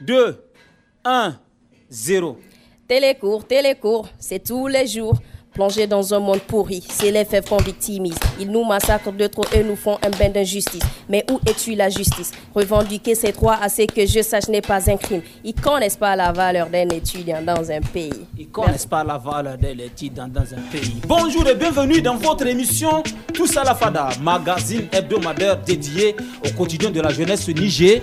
2, 1, 0. Télécours, télécours, c'est tous les jours. Plongés dans un monde pourri, c'est les faits qu'on victimise. Ils nous massacrent de trop et nous font un bain d'injustice. Mais où es-tu la justice Revendiquer ces droits à ce que je sache n'est pas un crime. Ils connaissent pas la valeur d'un étudiant dans un pays. Ils connaissent pas la valeur d'un étudiant dans un pays. Bonjour et bienvenue dans votre émission Tout la Fada, magazine hebdomadaire dédié au quotidien de la jeunesse Niger.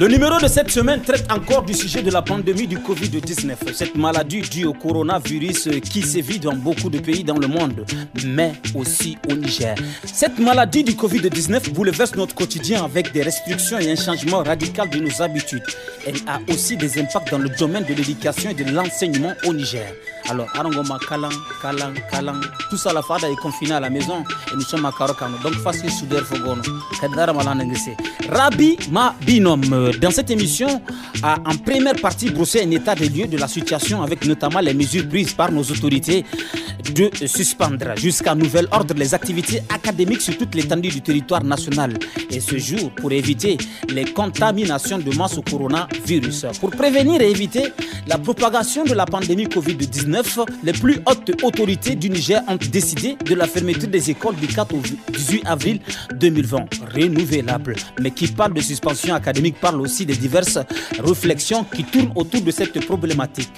Le numéro de cette semaine traite encore du sujet de la pandémie du Covid-19, cette maladie due au coronavirus euh, qui sévit dans beaucoup de pays dans le monde, mais aussi au Niger. Cette maladie du Covid-19 bouleverse notre quotidien avec des restrictions et un changement radical de nos habitudes. Elle a aussi des impacts dans le domaine de l'éducation et de l'enseignement au Niger. Alors, Arangoma, Kalang, Kalang, Kalang, tout ça, la fada est confinée à la maison et nous sommes à Karokano. Donc, facile soudeur Fogono. Rabi Ma Binom. Dans cette émission, a en première partie brossé un état des lieux de la situation avec notamment les mesures prises par nos autorités de suspendre jusqu'à nouvel ordre les activités académiques sur toute l'étendue du territoire national. Et ce jour, pour éviter les contaminations de masse au coronavirus, pour prévenir et éviter la propagation de la pandémie Covid-19, les plus hautes autorités du Niger ont décidé de la fermeture des écoles du 4 au 18 avril 2020. Renouvelable, mais qui parle de suspension académique parle aussi des diverses réflexions qui tournent autour de cette problématique,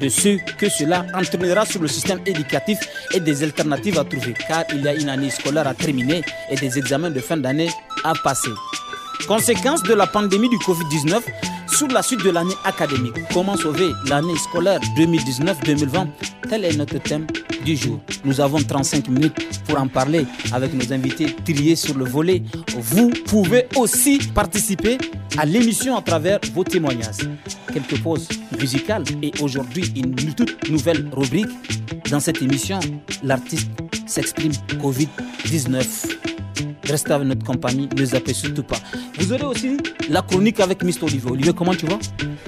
de ce que cela entraînera sur le système éducatif et des alternatives à trouver, car il y a une année scolaire à terminer et des examens de fin d'année à passer. Conséquence de la pandémie du Covid-19, sur la suite de l'année académique, comment sauver l'année scolaire 2019-2020 Tel est notre thème du jour. Nous avons 35 minutes pour en parler avec nos invités triés sur le volet. Vous pouvez aussi participer à l'émission à travers vos témoignages. Quelques pauses musicales et aujourd'hui une toute nouvelle rubrique. Dans cette émission, l'artiste s'exprime Covid-19. Restez avec notre compagnie, ne zappez surtout pas. Vous aurez aussi la chronique avec Mr. Olivier. comment tu vas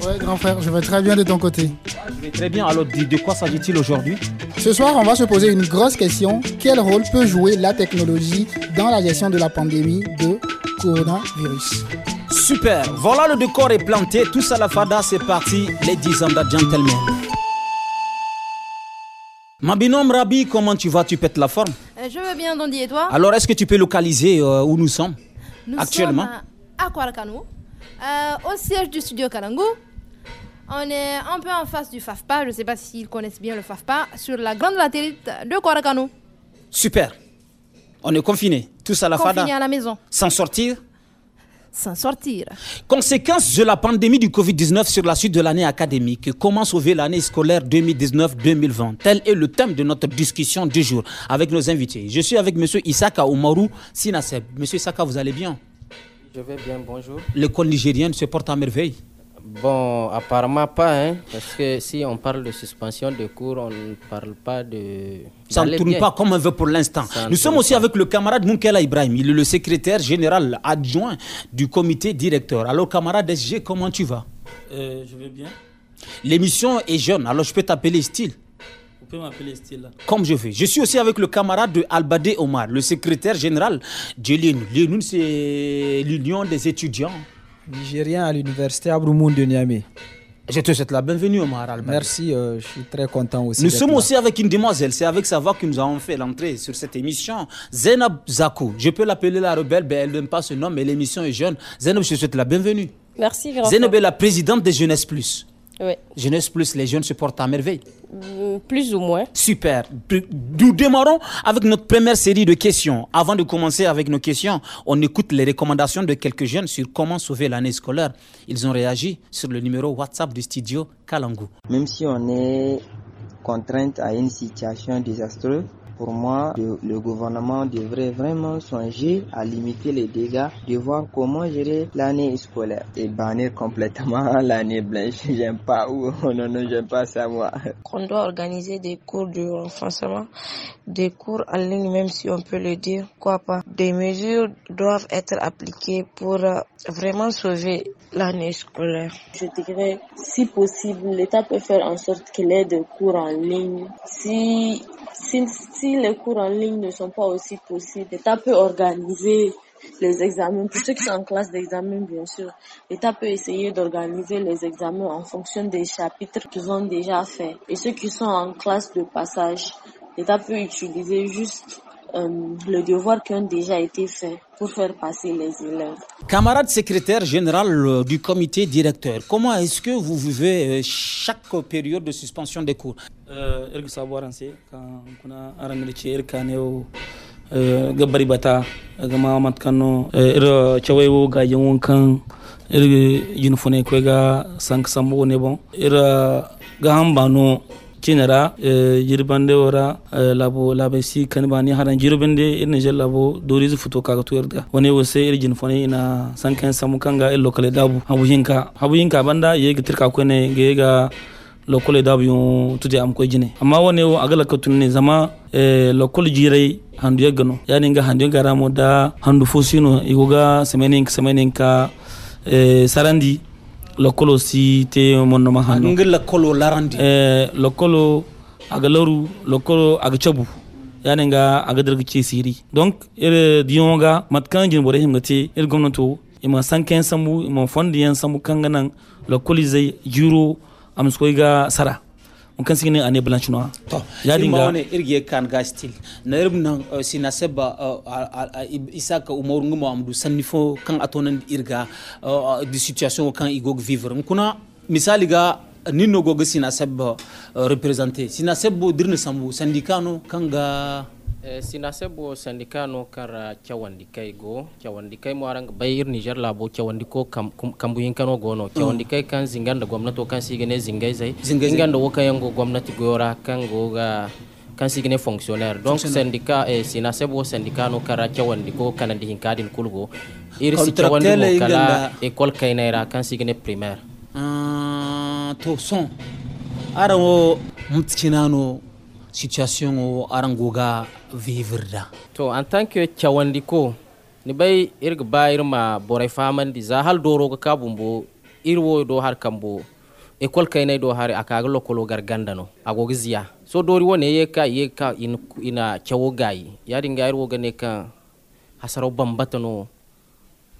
Ouais, grand frère, je vais très bien de ton côté. Ah, je vais très bien. Alors, de quoi s'agit-il aujourd'hui Ce soir, on va se poser une grosse question. Quel rôle peut jouer la technologie dans la gestion de la pandémie de coronavirus Super, voilà le décor est planté. Tout à la fada, c'est parti. Les 10 ans gentlemen. Ma binôme Rabi, comment tu vas Tu pètes la forme euh, Je veux bien, Dandy, et toi Alors, est-ce que tu peux localiser euh, où nous sommes actuellement à, euh, au siège du studio Kalangu. On est un peu en face du FAFPA, je ne sais pas s'ils connaissent bien le FAFPA, sur la grande latérite de Kwarakano. Super On est confinés, tous à la confinés fada. à la maison. Sans sortir s'en sortir. Conséquence de la pandémie du Covid-19 sur la suite de l'année académique. Comment sauver l'année scolaire 2019-2020 Tel est le thème de notre discussion du jour avec nos invités. Je suis avec M. Isaka Omaru Sinaseb. M. Isaka, vous allez bien Je vais bien, bonjour. L'école nigérienne se porte à merveille Bon, apparemment pas, hein, parce que si on parle de suspension de cours, on ne parle pas de... Ça ne tourne pas comme on veut pour l'instant. Nous sommes aussi avec le camarade Moukela Ibrahim, il est le secrétaire général adjoint du comité directeur. Alors camarade SG, comment tu vas euh, Je vais bien. L'émission est jeune, alors je peux t'appeler Style Vous pouvez m'appeler Style Comme je veux. Je suis aussi avec le camarade de Albadé Omar, le secrétaire général de l'UNUN. c'est l'Union des étudiants Nigérien à l'université Abroumou de Niamey. Je te souhaite la bienvenue, Omar Albert. Merci, euh, je suis très content aussi. Nous sommes aussi avec une demoiselle, c'est avec sa voix que nous avons fait l'entrée sur cette émission. Zainab Zakou, je peux l'appeler la rebelle, mais elle n'aime pas ce nom, mais l'émission est jeune. Zainab, je te souhaite la bienvenue. Merci, Zainab est la présidente de Jeunesse Plus. Jeunesse Plus, les jeunes se portent à merveille. Mm, plus ou moins. Super. Nous démarrons avec notre première série de questions. Avant de commencer avec nos questions, on écoute les recommandations de quelques jeunes sur comment sauver l'année scolaire. Ils ont réagi sur le numéro WhatsApp du studio Kalangu. Même si on est contrainte à une situation désastreuse, pour moi, le gouvernement devrait vraiment songer à limiter les dégâts, de voir comment gérer l'année scolaire et bannir complètement l'année blanche. J'aime pas ou non, non, j'aime pas savoir. On doit organiser des cours de renforcement, des cours en ligne, même si on peut le dire, quoi pas. Des mesures doivent être appliquées pour euh, vraiment sauver l'année scolaire. Je dirais, si possible, l'État peut faire en sorte qu'il ait des cours en ligne. Si, si, si les cours en ligne ne sont pas aussi possibles, l'État peut organiser les examens. Pour ceux qui sont en classe d'examen, bien sûr, l'État peut essayer d'organiser les examens en fonction des chapitres qu'ils ont déjà faits. Et ceux qui sont en classe de passage, l'État peut utiliser juste euh, le devoir qui ont déjà été faits pour faire passer les élèves. Camarade secrétaire général euh, du comité directeur, comment est-ce que vous vivez euh, chaque période de suspension des cours ga bari bata ga mamat kano ir cewai wo ga yin wankan ir yunifone kwai ga sanka sambo ne bon ir ga no cinara yirbande eh, wara eh, labo labe si ni haran jirbande irne je labo dorizu futo kaga tuyarda wani wose irjin fone ina sankan samu kanga il lokale dabu habu yinka habu yinka banda yega ne ge ga lokale dabu yon tuti am ko jine amma wani wo agala ka tunne zama eh, lokol jirai handu gano yani nga handu garamo da handu fosino igoga semenin semenin ka sarandi lokolo si te monno ma hanno ngel lokolo larandi eh lokolo aga loru lokolo aga chabu yani nga aga dirgi ci siri donc er dionga mat kan jin bore himga ngati el gomnato ima sanken samu ima fondi yan samu kanganan lokoli zai juro am sara kan ni ane blanchuna to ya dinga euh, euh, ma ne irge kan ga stil na irim nan sina seba isaka umar ngumo amdu sanni kan atonan irga euh, di situation kan igog vivre kuna misali ga ninno gogo seba représenter sina sebo dirne sambu syndicano kan ga eh, sinasebo sandikano kara cawandikay go bayir niger labo cawandiko kambuyinkano gono cawandikay mm. kan zinganda gwamnato kan sigene zingay zay zinganda wo kayango gwamnati kan goga kan fonctionnaire donc syndicat e eh, sinasebo sandikano kara ko kanandi hinkadin kulgo irisi Sichawan, kala école kaynayra kan sigine primaire ah, to son aramo mutkinano situation o arangoga da to en tant que cawandiko ni bay irga ba ma boray famandi za hal doro ga kabumbo irwo do har kambo kay nay do har akaga lokolo gar gandano ago ziya so dori wone ye ka ye ka in, ina cawo gayi yadi nga irwo gane ka hasaro bambatano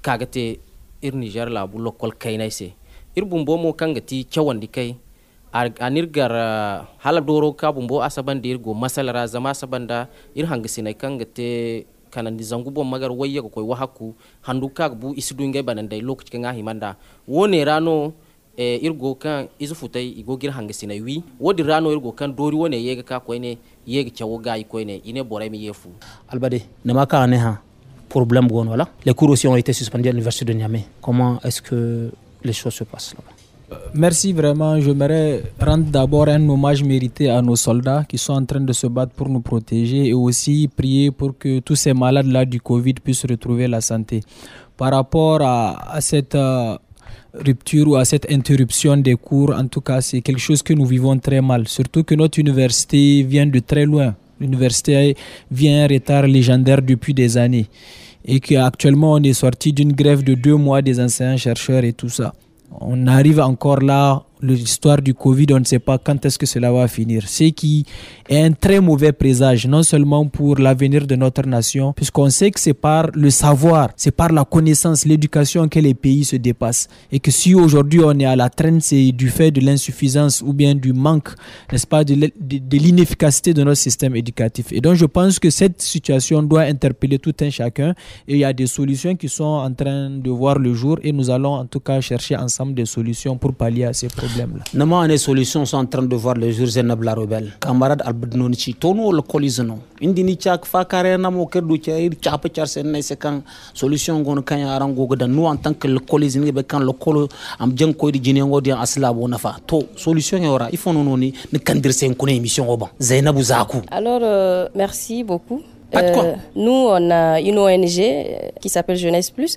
kagate ir niger bu lokol nay se ir bumbo mo kangati cawandi anirgar uh, hala doro ka mbo asaban dir go masalara zama sabanda ir hangisinai kan te kana ni zangu bo magar wayya ko wahaku handu kag bu isudunge banandai lokaci kan himanda wone rano e irgo kan izu futai igo gir hangisinai wi wodi rano irgo kan dori wone yega ka ko ne yega chawo gai ko ne ine borai mi yefu albade ne maka ne ha problème gon wala les cours aussi ont été suspendus à l'université de Niamey comment est-ce que les choses se passent là-bas euh, merci vraiment. J'aimerais rendre d'abord un hommage mérité à nos soldats qui sont en train de se battre pour nous protéger et aussi prier pour que tous ces malades-là du Covid puissent retrouver la santé. Par rapport à, cette euh, rupture ou à cette interruption des cours, en tout cas, c'est quelque chose que nous vivons très mal, surtout que notre université vient de très loin. L'université vient un retard légendaire depuis des années et qu'actuellement on est sorti d'une grève de deux mois des enseignants-chercheurs et tout ça on arrive encore là l'histoire du Covid, on ne sait pas quand est-ce que cela va finir. Ce qui est un très mauvais présage, non seulement pour l'avenir de notre nation, puisqu'on sait que c'est par le savoir, c'est par la connaissance, l'éducation que les pays se dépassent. Et que si aujourd'hui on est à la traîne, c'est du fait de l'insuffisance ou bien du manque, n'est-ce pas, de l'inefficacité de notre système éducatif. Et donc je pense que cette situation doit interpeller tout un chacun. Et il y a des solutions qui sont en train de voir le jour et nous allons en tout cas chercher ensemble des solutions pour pallier à ces problèmes problème-là Nama ane solution sont en train de voir le jour Zainab la rebelle. Camarade Albert Nonichi, tono le colisano. Indini chak fa carrière namo ci chair chapa char sen ne sekan solution gon kan yaran gogo da nous en tant que le colisano be kan le colo am jeng ko di jini ngodi asla bo nafa. To solution yora il faut non ni ne kandir sen kone émission oban. Zainabou Zakou. Alors euh, merci beaucoup. Euh, nous, on a une ONG qui s'appelle Jeunesse Plus.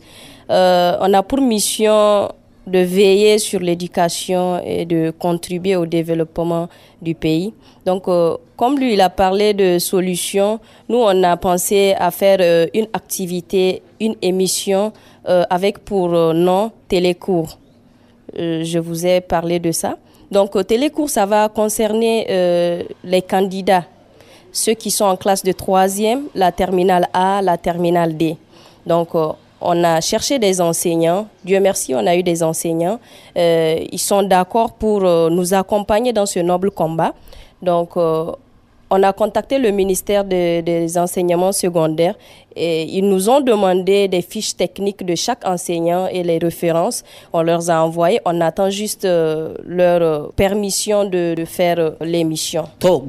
Euh, on a pour mission de veiller sur l'éducation et de contribuer au développement du pays. Donc, euh, comme lui, il a parlé de solutions, nous, on a pensé à faire euh, une activité, une émission euh, avec pour nom Télécours. je vous ai parlé de ça. Donc, Télécours, ça va concerner les candidats, ceux qui sont en classe de troisième, la terminale A, la terminale D. Donc, on a cherché des enseignants. Dieu merci, on a eu des enseignants. Euh, ils sont d'accord pour euh, nous accompagner dans ce noble combat. Donc, euh, on a contacté le ministère des enseignements secondaires ils nous ont demandé des fiches techniques de chaque enseignant et les références. On leur a envoyé. On attend juste euh, leur euh, permission de, de faire euh, l'émission. dans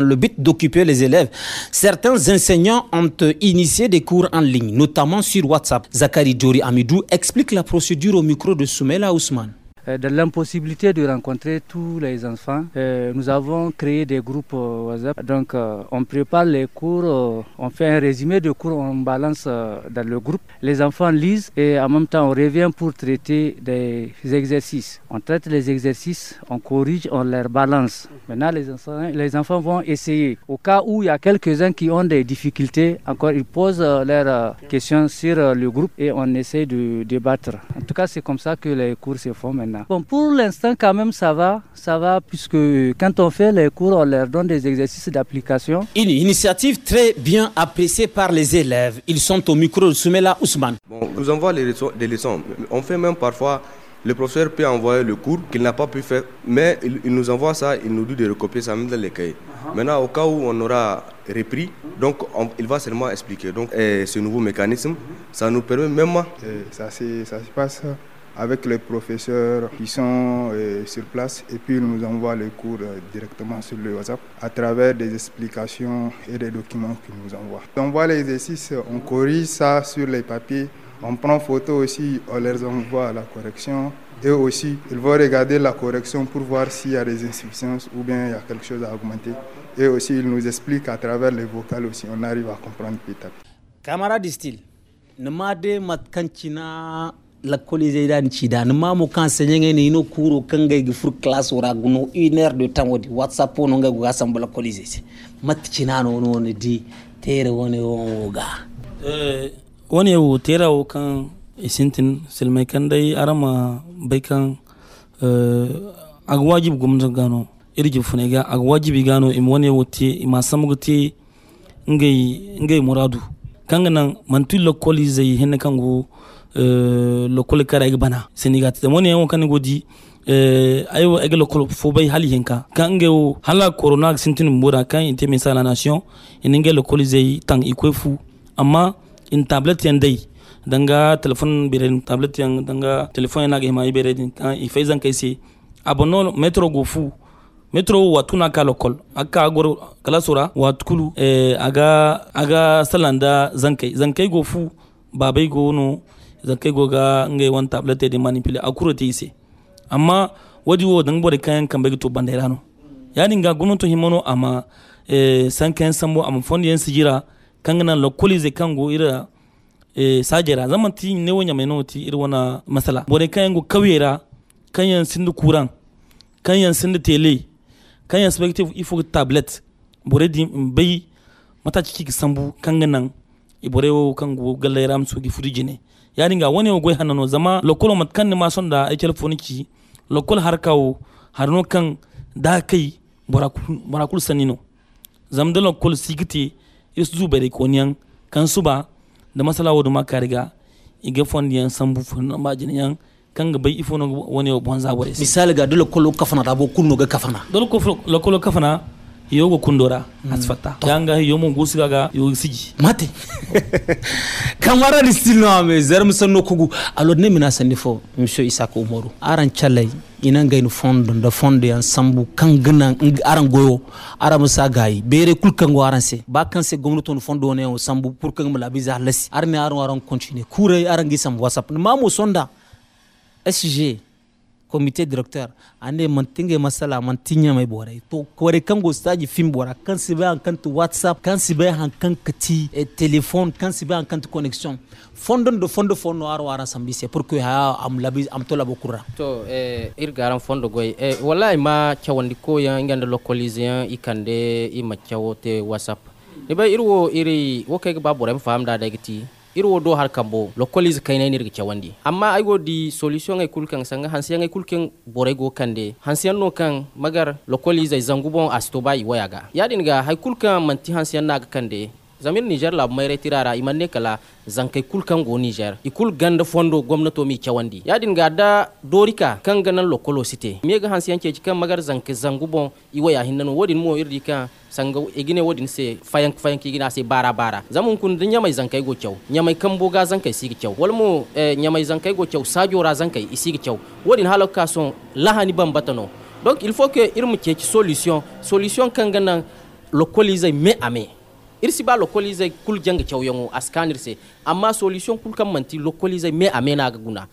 le but d'occuper les élèves. Certains enseignants ont initié des cours en ligne, notamment sur WhatsApp. Zakari Djori Amidou explique la procédure au micro de Soumela Ousmane. Euh, de l'impossibilité de rencontrer tous les enfants, euh, nous avons créé des groupes euh, WhatsApp. Donc, on prépare les cours, on fait un résumé de cours, on balance dans le groupe. Les enfants lisent et en même temps, on revient pour traiter des exercices. On traite les exercices, on corrige, on les balance. Maintenant, les enfants, les enfants vont essayer. Au cas où il y a quelques-uns qui ont des difficultés, encore, ils posent leurs questions sur le groupe et on essaie de débattre. En tout cas, c'est comme ça que les cours se font maintenant. Bon, pour l'instant, quand même, ça va. Ça va, puisque quand on fait les cours, on leur donne des exercices d'application. Une initiative très bien appréciée par les élèves. Ils sont au micro de Soumela Ousmane. on nous envoie les des leçons. On fait même parfois le professeur peut envoyer le cours qu'il n'a pas pu faire, mais il, nous envoie ça, il nous dit de recopier ça même dans les cahiers. Uh-huh. Maintenant, au cas où on aura repris, donc il va seulement expliquer. Donc, ce nouveau mécanisme, uh-huh. ça nous permet même. Euh, ça se passe avec les professeurs qui sont euh, sur place et puis ils nous envoient les cours euh, directement sur le WhatsApp à travers des explications et des documents qu'ils nous envoient. On voit les exercices, on corrige ça sur les papiers, on prend photo aussi, on les envoie à la correction. Et aussi, ils vont regarder la correction pour voir s'il y a des insuffisances ou bien il y a quelque chose à augmenter. Et aussi, ils nous expliquent à travers les vocales aussi, on arrive à comprendre petit à petit. Camarade style, ne la l'école zaidani chidani mamu kan senyenge ni ino kuro kanga gifur class ora guno une heure de temps odi whatsapp no nga guga sambala ci mat chinano no ne di tere woni wonga eh woni wo tera wo kan isintin silmai kan dai arama bai kan eh, ak wajib gwamnati gano irgi fune ga aga wajibi gano im wani wote ima samu te ngai muradu kanga nan mantulla koli zai hinna kan go Eh, lokol kara ig bana senigat moni yango kan go di eh, ayo ege lokol fo bay hali hinka kan ge hala corona sintin mbura kan inte misa la nation ininge lokol zey tang ikwefu fu amma in tablet yan dai danga telefon biren tablet yan danga telefon na ge mai bere din kan ifai zan kai se abono metro go fu metro watuna ka lokol aka agoro kala sura watkulu eh, aga aga salanda zan zankai zan go fu babai go no kai goga ngai wan tablete de a kura te ise amma wadi wo dan bore kayan kan bai to bandairano yani ga gumnato himono ama e eh, sankan sambo amma fondi yan kan kangana lokoli ze go ira eh, sajera zaman ti ne wonya mai noti ira wana masala bore kayan go kawera kanyan sindu kuran kanyan sindu tele kanyan spective ifo tablet bore di bai mata ciki sambu kanganan ibreo kan go galle ram sugi furijine yaringa woni o goy hanano zama lokolo mat kan ma sonda e telefoni ci lokol har har no kan da kai borakul borakul sanino zam de lokol sigiti is e zu bere ko koniyan kan suba da masala wodu makariga iga yan sambu fon fondiyan yan kan ga bai ifono woni o bonza bore misal ga dole kolo kafana da bo kulno ga kafana dole kolo kafana iyo gukundora mm. asifata yanga iyo mungusi baga yusigi mate kamara lisiname zero musano kugu alo ne minasa nifo msho isaka umoru aran chalai ina ngai no fondo da fondo yan sambu kangana aran goyo aran musa gai bere kul kango aran se ba kan se gomnato no fondo ne o sambu pour kang mala biza lasi arne aran aran continue kure aran gisam whatsapp mamu sonda sg comité directeur ande man tinge masala man tinya mai bore to kore kan go staji fim bora kan sibe an kan whatsapp kan sibe an kan kati e telephone kan sibe an kan connection fondon do fondo fondo aro ara sambi c'est pour que ha am labi am to labo kura to eh ir garan fondo goy eh wallahi ma chawandi ko ya ngande localisien ikande i ma chawote whatsapp ne bay irwo iri wo kay ba bore fam da dagiti ir wodo har kambo kai kaina nirga wandi amma ay wodi solution ai kulkan sanga hansi ai kulkan boray go kande hansi no kan magar lokoliz ay zangubon astobai i wayaga yadin ga hai kulkan manti na naga kande zamir niger la mai retirara imanne kala zankai kul kan go niger ikul ganda fondo gwamnato mi kyawandi yadin ga da dorika kan ganan lokolo site mi ga hansi yanke kan magar zankai zangubon iwa ya hinnan wodin mo irdi kan sanga igine wodin se fayank fayank igina gina se bara bara zamun kun din nyamai zankai go kyau nyamai kan boga zankai sigi kyau walmo eh, nyamai zankai go kyau sajo ra zankai isigi kyau wodin halaka son lahani ban batano donc il faut que irmu ke solution solution kan ganan lokolize me ame irsi ba localize kul jang chawyango askanirse amma solution kul kan manti localize me amena ga guna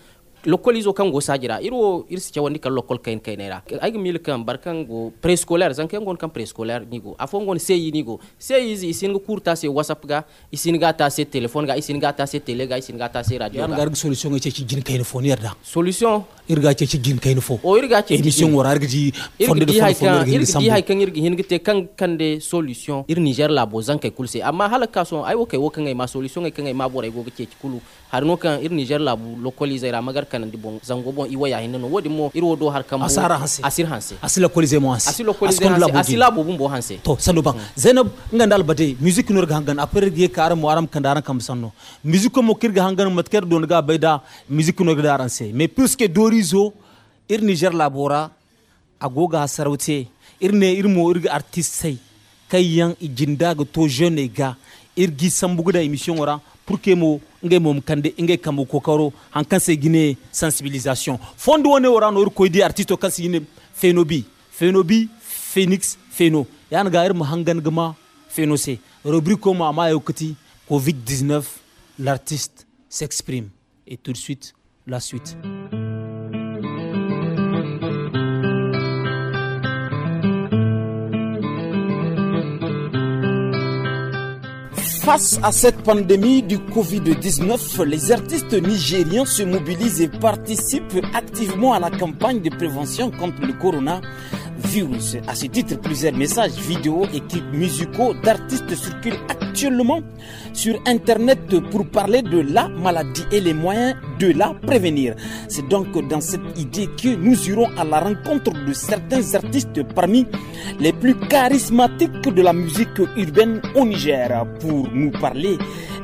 localize kan go sajira iro irsi chawani kan local kain kainera ay le kam barkan go préscolaire, zan kan gon kan prescolaire nigo afon gon seyi nigo seyi zi isin go kurta se whatsapp ga isin ga ta se telephone ga isin ga ta se tele ga isin ga ta se radio ga solution ce ci jin kain fonier da solution irga ce ci gin fo o irga ce émission wora irgi fonde de fo irgi di hay kan irgi hin gite kan solution ir niger la bo zan kay kulse amma halaka son ay wokai wokan ay ma solution ay kan ma boray goga ce ci kulu har no kan ir niger la bu localiser ra magar kan bon zango bon i waya hinno wodi mo ir wodo har kam asara hanse asir hanse asir localiser mo hanse asir localiser hanse asir la bo bumbo hanse to salo bang hmm. zainab ngandal bade musique nur gangan apre ge karam waram kandaran kam sanno musique mo kirga hangan matker don ga bayda musique nur daranse mais plus que dori iri zo ir niger labora agoga sarauce irne irmo irga artistai kai yan ijinda ga to jeune ga irgi sambuguda emission ora pour que mo nge mom kande nge kamu kokoro han kanse gine sensibilisation fondo woni ora no ko di artiste kanse gine fenobi fenobi phoenix feno yan ga irmo hangan gama feno se rubrique ma ma yokati covid 19 l'artiste s'exprime et tout de suite la suite Face à cette pandémie du Covid-19, les artistes nigériens se mobilisent et participent activement à la campagne de prévention contre le corona. Views. À ce titre, plusieurs messages, vidéos et clips musicaux d'artistes circulent actuellement sur Internet pour parler de la maladie et les moyens de la prévenir. C'est donc dans cette idée que nous irons à la rencontre de certains artistes parmi les plus charismatiques de la musique urbaine au Niger pour nous parler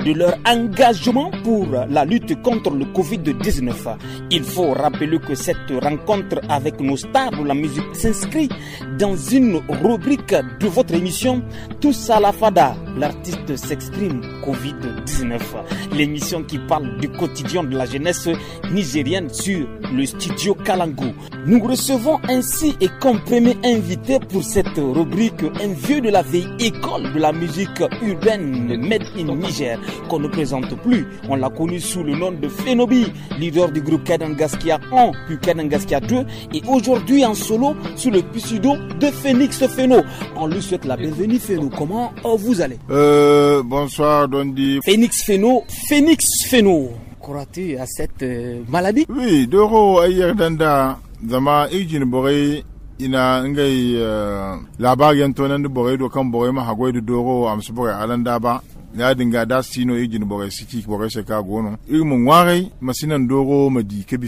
de leur engagement pour la lutte contre le Covid-19. Il faut rappeler que cette rencontre avec nos stars de la musique s'inscrit dans une rubrique de votre émission Tous à la Fada l'artiste s'exprime Covid-19, l'émission qui parle du quotidien de la jeunesse nigérienne sur le studio Kalangu. Nous recevons ainsi et comme premier invité pour cette rubrique un vieux de la vieille école de la musique urbaine Made in Niger qu'on ne présente plus. On l'a connu sous le nom de FENOBI leader du groupe Kadangaskia 1 puis Kadangaskia 2 et aujourd'hui en solo sous le pseudo de Phoenix FENO On lui souhaite la bienvenue FENO, Comment vous allez euh, bonsoir, Dondi. Phoenix Feno. Phoenix Feno. Crois-tu à cette euh, maladie Oui, Doro d'Anda, Zama Ijin Borei. ina ngai euh, labarin tonan da Boré, dokan borai mahagoi da doro amsu alanda ba ya dinga da sino e siti bore siki bore gono i masinan doro madi ke bi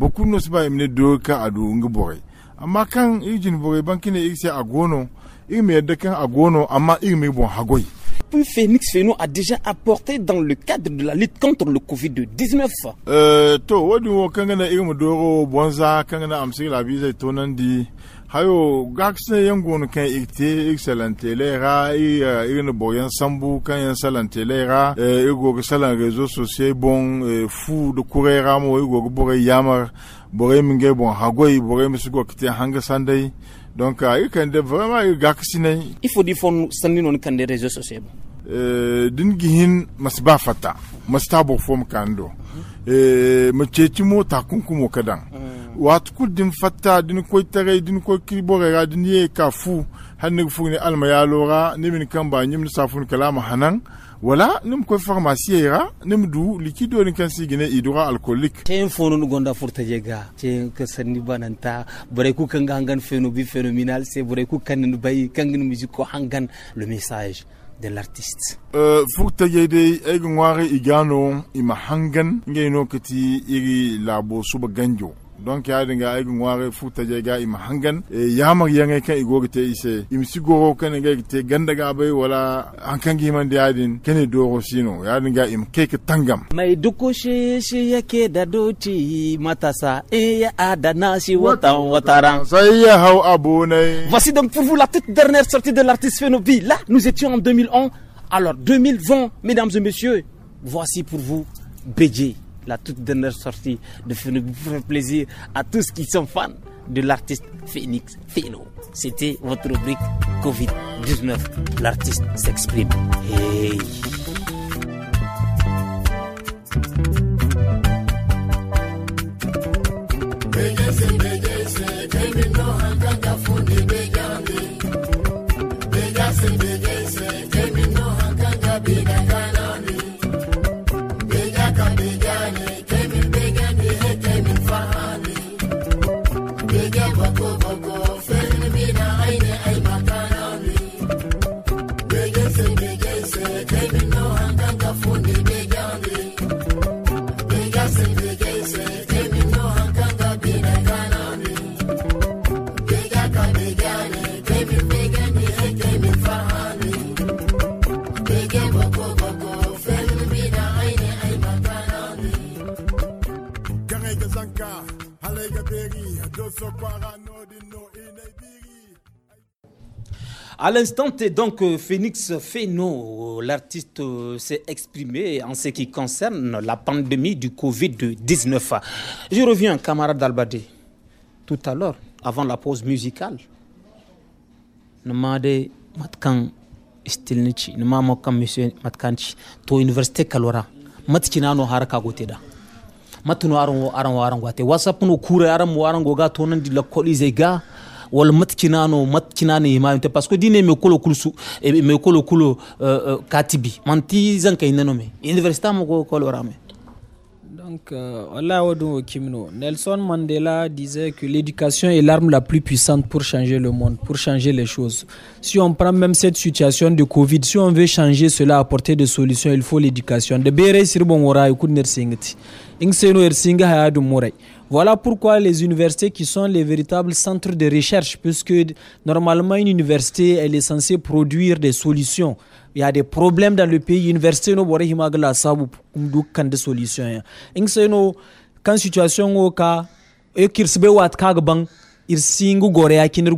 bokum no sont imne adu amma kan ijin agono ils kan agono amma bon hagoy Puis Phoenix Feno a déjà apporté dans le cadre de la lutte contre le Covid-19. Euh, to doro bonza amsi la tonandi hayo gaxe yangonu kan ikte excellentele ra i eh, irin boyan sambu kan yan salantele ra e eh, go salan rezo sociaux bon eh, fu de courir ra mo go bore yamar bore minge bon Hagoyi bore sugo kite hanga sandai donc i kan de vraiment i gaxine il faut di fon sanni non kan de réseaux sociaux din gihin masu fata Mastabo tabo fom kando mace ci mota kunkumo kadan mm. watukul din fatta din koy tagay din koy kirborera din ye ka fu hannig fugni alma ya lora nimin kamba nyim safun kalama hanan wala nim koy pharmacie ra nim du likido ni kan sigine idura alcoolique te fonu nu gonda furta jega te ka sanni bananta bore ku kan hangan feno bi phenomenal c'est bore ku kan nu bay kan nu musique ko hangan le message de l'artiste. Euh, fukta yede ege ngware igano ima hangan nge no kati iri labo suba ganjo. donc ya dinga aigun ware futa je ga im hangan e yama yange kan igo te ise im sigoro kan ga te ganda ga bai wala hankan gi man diadin kene doro sino ya dinga im keke tangam mai duko shi shi yake da doti matasa e ya adana shi wata wataran sai ya hau abone voici donc pour vous la toute dernière sortie de l'artiste Fenobi là nous étions en 2011 alors 2020 mesdames et messieurs voici pour vous BJ la toute dernière sortie de Phoenix pour faire plaisir à tous qui sont fans de l'artiste Phoenix Pheno. C'était votre rubrique Covid-19. L'artiste s'exprime. Hey. À l'instant, donc, Phoenix euh, Feno, euh, l'artiste euh, s'est exprimé en ce qui concerne la pandémie du Covid-19. Je reviens, camarade Albadé, tout à l'heure, avant la pause musicale. Namade Matkan Stilnichi, Namamokan Monsieur Matkanchi, to Université Kalora, Matkinano Haraka Goteda. Aron Aron Aron Wate, Wasapno Kure Aram Warangoga, Tonan de la Colisega wala matkinano matkinani himayum parce que dine me kolo kulsu su e me kolo kulo euh, euh, katibi manti zanka kay me université mo ko kolo rame donc wala euh, wadu kimno Nelson Mandela disait que l'éducation est l'arme la plus puissante pour changer le monde pour changer les choses si on prend même cette situation de Covid si on veut changer cela apporter des solutions il faut l'éducation de bere sirbon wora ikun nersingati ing seno ersinga hayadu murai voilà pourquoi les universités qui sont les véritables centres de recherche, puisque normalement une université, elle est censée produire des solutions. Il y a des problèmes dans le pays, université no bore himagala sabu kundu kande solution Nous hein. no kan situation o ka e ne wat pas irsingu gore yakinir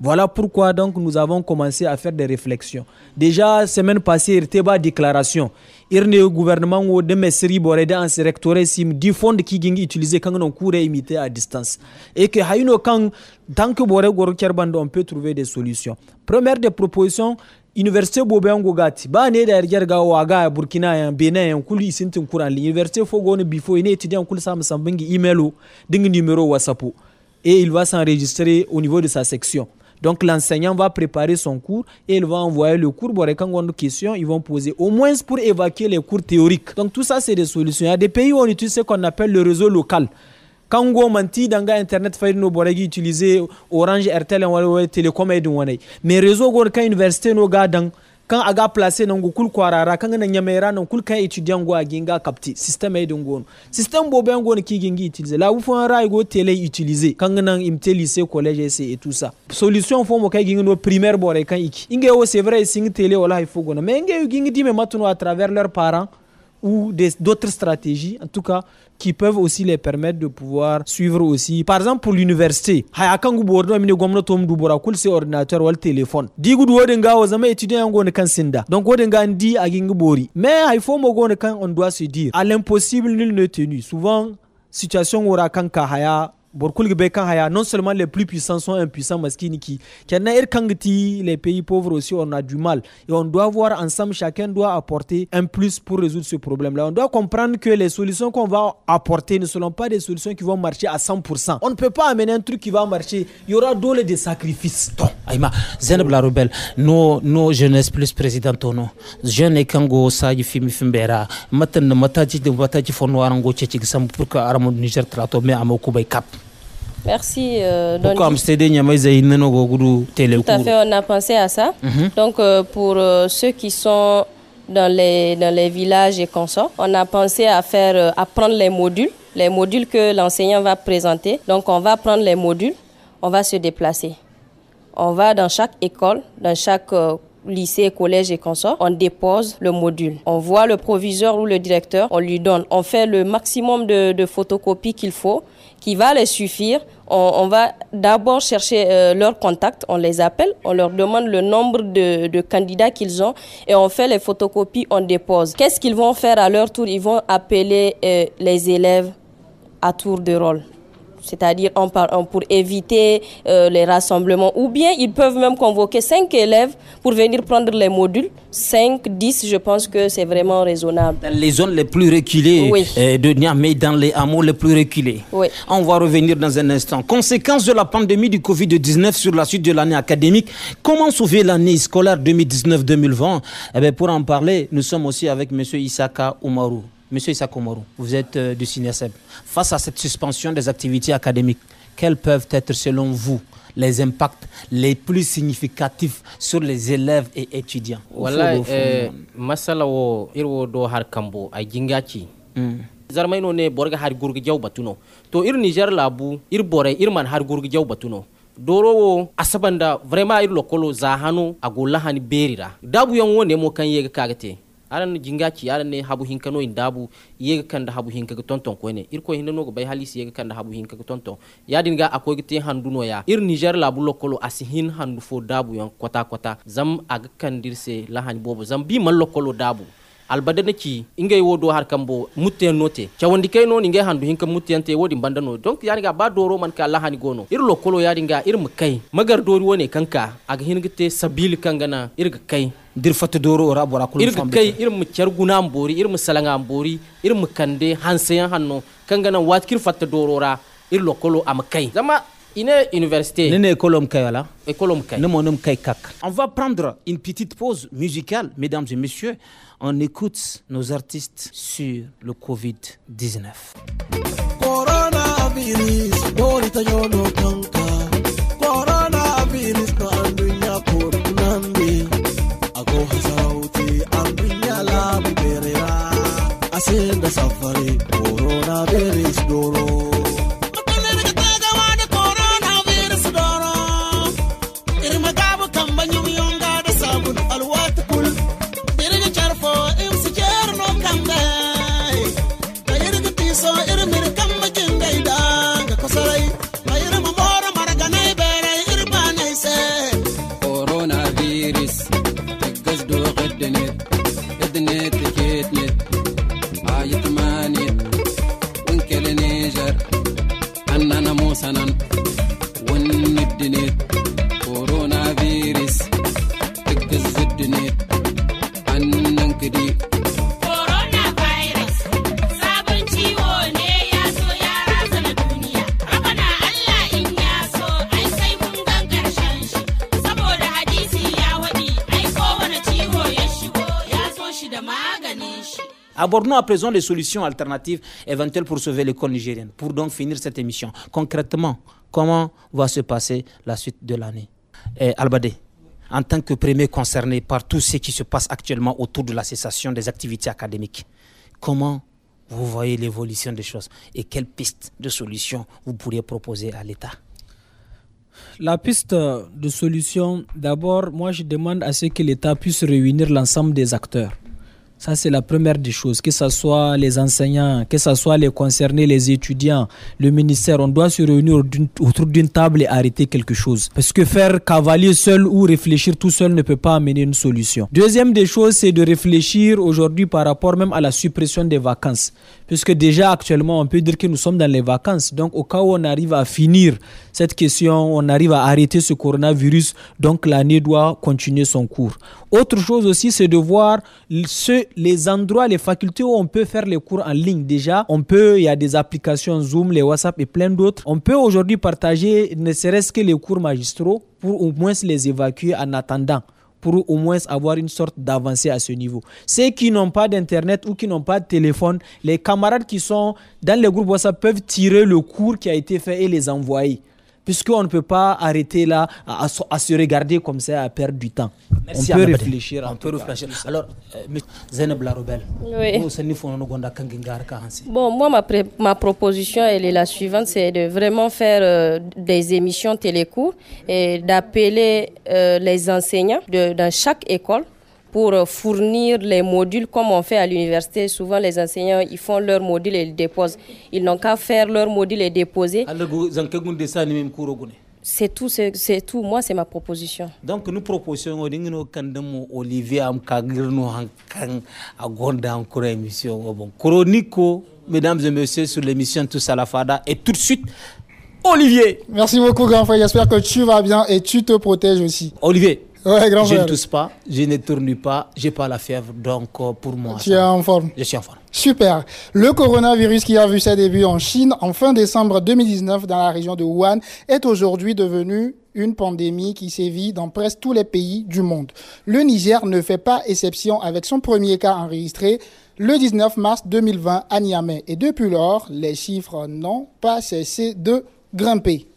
voilà pourquoi donc nous avons commencé à faire des réflexions. Déjà semaine passée, il Irteba déclaration. un gouvernement ou de Messeri Borede en se rectoré sim du fond qui ging utilisé quand on courait imité à distance. Et que Hayuno quand tant que Boré Goro on peut trouver des solutions. Première des propositions, université bobe gati ba ne da yarjar ga waga ya burkina cours, benin ya kulu isintin kuran li université fogo goni bifo ine étudiant kulu sam sambingi emailo ding numéro whatsapp et il va s'enregistrer au niveau de sa section donc l'enseignant va préparer son cours et il va envoyer le cours. Bon, quand on a des questions, ils vont poser au moins pour évacuer les cours théoriques. Donc tout ça, c'est des solutions. Il y a des pays où on utilise ce qu'on appelle le réseau local. Quand on manti dans internet faire no utiliser Orange, RTL, Télécom et Mais réseau quand université nous gars dans kan aga place nan go kul kwarara kan nan nyamera nan kul kan etudiant go aginga kapti system ay dun gono système bo ben gono ki gingi itilize la wufo ray go tele utiliser kan nan imte lycée collège e et tout ça solution fo mo kay gingi no primaire bo kan iki inge wo c'est vrai sing tele wala hay fo gono mais inge gingi dime matuno a travers leurs parents ou d'autres stratégies, en tout cas, qui peuvent aussi les permettre de pouvoir suivre aussi. Par exemple, pour l'université, hayakan bordo amine gwamna tom du borakul se ordinateur le téléphone. Digu du wodenga o me étudiant ngone kan sinda. Donc wodenga ndi agingu bori. Mais hay fo mo kan on doit se dire à l'impossible nul ne tenu. Souvent situation wora kan ka haya non seulement les plus puissants sont impuissants Mais qui kenna er kangti les pays pauvres aussi on a du mal et on doit voir ensemble chacun doit apporter un plus pour résoudre ce problème là on doit comprendre que les solutions qu'on va apporter ne seront pas des solutions qui vont marcher à 100% on ne peut pas amener un truc qui va marcher il y aura d'autres des sacrifices donc ayma la rebelle nous jeunesse plus président tono oh, jeune kango sa fimi fimbera matan mataji de mataji fonwarango chechig sam pour que niger trato oh, mais bay cap Merci. Euh, Tout à fait, on a pensé à ça. Mhm. Donc, euh, pour euh, ceux qui sont dans les, dans les villages et consorts, on a pensé à faire apprendre euh, les modules, les modules que l'enseignant va présenter. Donc, on va prendre les modules, on va se déplacer. On va dans chaque école, dans chaque lycée, collège et consorts, on dépose le module. On voit le proviseur ou le directeur, on lui donne. On fait le maximum de photocopies qu'il faut qui va les suffire. On, va d'abord chercher euh, leurs contacts, on les appelle, on leur demande le nombre de, candidats qu'ils ont et on fait les photocopies, on dépose. Qu'est-ce qu'ils vont faire à leur tour Ils vont appeler euh, les élèves à tour de rôle c'est-à-dire un par pour éviter euh, les rassemblements, ou bien ils peuvent même convoquer cinq élèves pour venir prendre les modules, 5, 10, je pense que c'est vraiment raisonnable. Dans les zones les plus reculées oui. Euh, de Niamey, dans les hameaux les plus reculés. On va revenir dans un instant. Conséquence de la pandémie du Covid-19 sur la suite de l'année académique, comment sauver l'année scolaire 2019-2020 eh Pour en parler, nous sommes aussi avec M. Isaka Oumarou. Monsieur Issa vous êtes euh, du CINESEB. Face à cette suspension des activités académiques, quels peuvent être selon vous les impacts les plus significatifs sur les élèves et étudiants Voilà, euh, Masalawo, masala wo irwo do har kambo ay jingaci hmm. zarmaino ne borga har gurgu jaw batuno to ir niger labu ir bore irman man har gurgu jaw batuno dorowo asabanda vraiment ir lokolo zahano ago lahani berira dabu yan wo ne mo kan yega kagate aran jinga ci aran ne habu hinka no indabu yega kanda habu hinka ga tonton ko ne irko hinna no go bay halisi yega kanda habu hinka ga tonton ya dinga akoy gite handu no ya ir niger la bu lokolo asihin handu fo dabu yon kota kota zam aga kandirse lahan bobo zam bi mal lokolo dabu albadana ki ingay wodo har kambo mutte note cawandi kay non ingay handu hinka muttiyante wodi bandano donc yani ga ba doro man ka lahani gono Irlo kolo yadi ga ir kai magar dori wone kanka aga hingite sabil kangana irga kai dir fata doro ora bora kullu fambe kai ir mu cerguna mbori ir mu salanga mbori ir mu kande hansayan hanno kangana watkir fata doro ora Irlo kolo am kai zama ina université nene ekolom kayala ekolom kay ne nom Kaykak. on va prendre une petite pause musicale mesdames et messieurs on écoute nos artistes sur le covid 19 corona virus dori ta yolo kanka corona virus ta andunya por nambe ago hazauti andunya la bibera asenda safari corona virus sanan wani dinet Abordons à présent les solutions alternatives éventuelles pour sauver l'école nigérienne. Pour donc finir cette émission, concrètement, comment va se passer la suite de l'année Albade, eh, Albadé en tant que premier concerné par tout ce qui se passe actuellement autour de la cessation des activités académiques, comment vous voyez l'évolution des choses et quelles pistes de solutions vous pourriez proposer à l'État La piste euh, de solution, d'abord, moi je demande à ce que l'État puisse réunir l'ensemble des acteurs. Ça, c'est la première des choses, que ce soit les enseignants, que ce soit les concernés, les étudiants, le ministère, on doit se réunir autour d'une table et arrêter quelque chose. Parce que faire cavalier seul ou réfléchir tout seul ne peut pas amener une solution. Deuxième des choses, c'est de réfléchir aujourd'hui par rapport même à la suppression des vacances puisque déjà actuellement, on peut dire que nous sommes dans les vacances. Donc, au cas où on arrive à finir cette question, on arrive à arrêter ce coronavirus, donc l'année doit continuer son cours. Autre chose aussi, c'est de voir les endroits, les facultés où on peut faire les cours en ligne. Déjà, on peut, il y a des applications Zoom, les WhatsApp et plein d'autres. On peut aujourd'hui partager ne serait-ce que les cours magistraux pour au moins les évacuer en attendant pour au moins avoir une sorte d'avancée à ce niveau. Ceux qui n'ont pas d'internet ou qui n'ont pas de téléphone, les camarades qui sont dans les groupes WhatsApp peuvent tirer le cours qui a été fait et les envoyer puisqu'on ne peut pas arrêter là à, se regarder comme ça, à perdre du temps. on peut réfléchir. On peut réfléchir. Alors, euh, oui. bon, moi, ma, proposition, elle est la suivante, c'est de vraiment faire euh, des émissions télécours et d'appeler euh, les enseignants de, dans chaque école pour euh, fournir les modules comme on fait à l'université. Souvent, les enseignants, ils font leurs modules et ils déposent. Ils n'ont qu'à faire leurs modules et déposer. C'est tout, c'est tout. Moi, c'est ma proposition. Donc, nous proposons au Olivier à kagirno à émission oh bon chronico mesdames et messieurs sur l'émission Tous à la Fada et tout de suite Olivier. Merci beaucoup grand frère. J'espère que tu vas bien et tu te protèges aussi. Olivier, je ne tousse pas, je ne tourne pas, j'ai pas la fièvre, donc euh, pour moi. en forme. Je suis en forme. Super. Le coronavirus qui a vu ses débuts en Chine en fin décembre 2019 dans la région de Wuhan est aujourd'hui devenu une pandémie qui sévit dans presque tous les pays du monde. Le Niger ne fait pas exception avec son premier cas enregistré le 19 mars 2020 à Niamey. Et depuis lors, les chiffres n'ont pas cessé de grimper.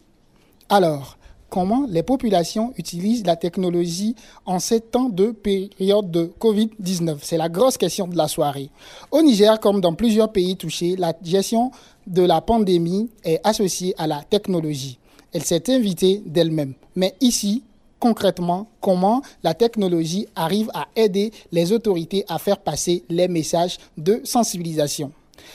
Alors, comment les populations utilisent la technologie en ces temps de période de Covid-19 C'est la grosse question de la soirée. Au Niger, comme dans plusieurs pays touchés, la gestion de la pandémie est associée à la technologie. Elle s'est invitée d'elle-même. Mais ici, concrètement comment la technologie arrive à aider les autorités à faire passer les messages de sensibilisation.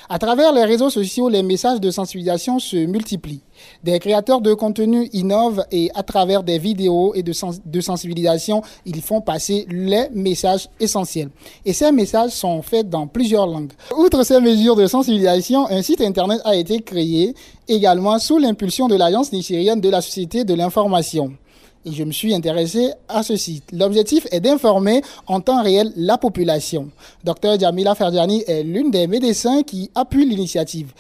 À travers les réseaux sociaux, les messages de sensibilisation se multiplient. Des créateurs de contenu innovent et à travers des vidéos et de, sensibilisation, ils font passer les messages essentiels. Et ces messages sont faits dans plusieurs langues. Outre ces mesures de sensibilisation, un site internet a été créé également sous l'impulsion de l'Agence nigérienne de la société de l'information et je me suis intéressé à ce site. L'objectif est d'informer en temps réel la population. Docteur Jamila Ferdiani est l'une des médecins qui appuie l'initiative.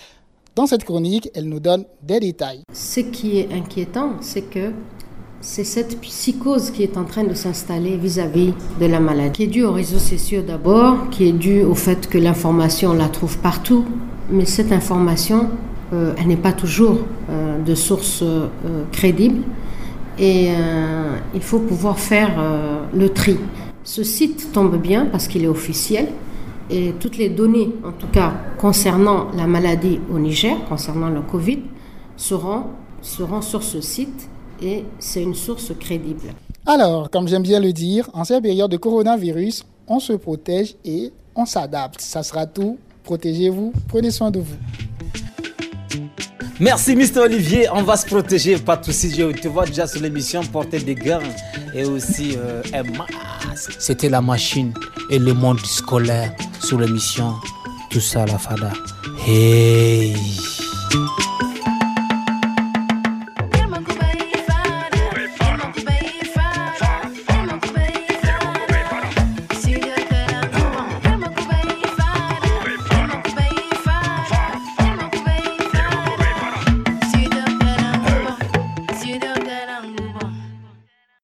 Dans cette chronique, elle nous donne des détails. Ce qui est inquiétant, c'est que c'est cette psychose qui est en train de s'installer vis-à-vis de la maladie, qui est due aux réseaux sociaux d'abord, qui est due au fait que l'information, la trouve partout, mais cette information, euh, elle n'est pas toujours euh, de source euh, crédible et euh, il faut pouvoir faire euh, le tri. Ce site tombe bien parce qu'il est officiel et toutes les données, en tout cas concernant la maladie au Niger, concernant le Covid, seront, seront sur ce site et c'est une source crédible. Alors, comme j'aime bien le dire, en cette période de coronavirus, on se protège et on s'adapte. Ça sera tout. Protégez-vous, prenez soin de vous. Merci, Mr. Olivier. On va se protéger, pas tous soucis. Je te vois déjà sur l'émission porter des gants et aussi euh, un masque. C'était la machine et le monde scolaire sur l'émission. Tout ça la fada. Hey!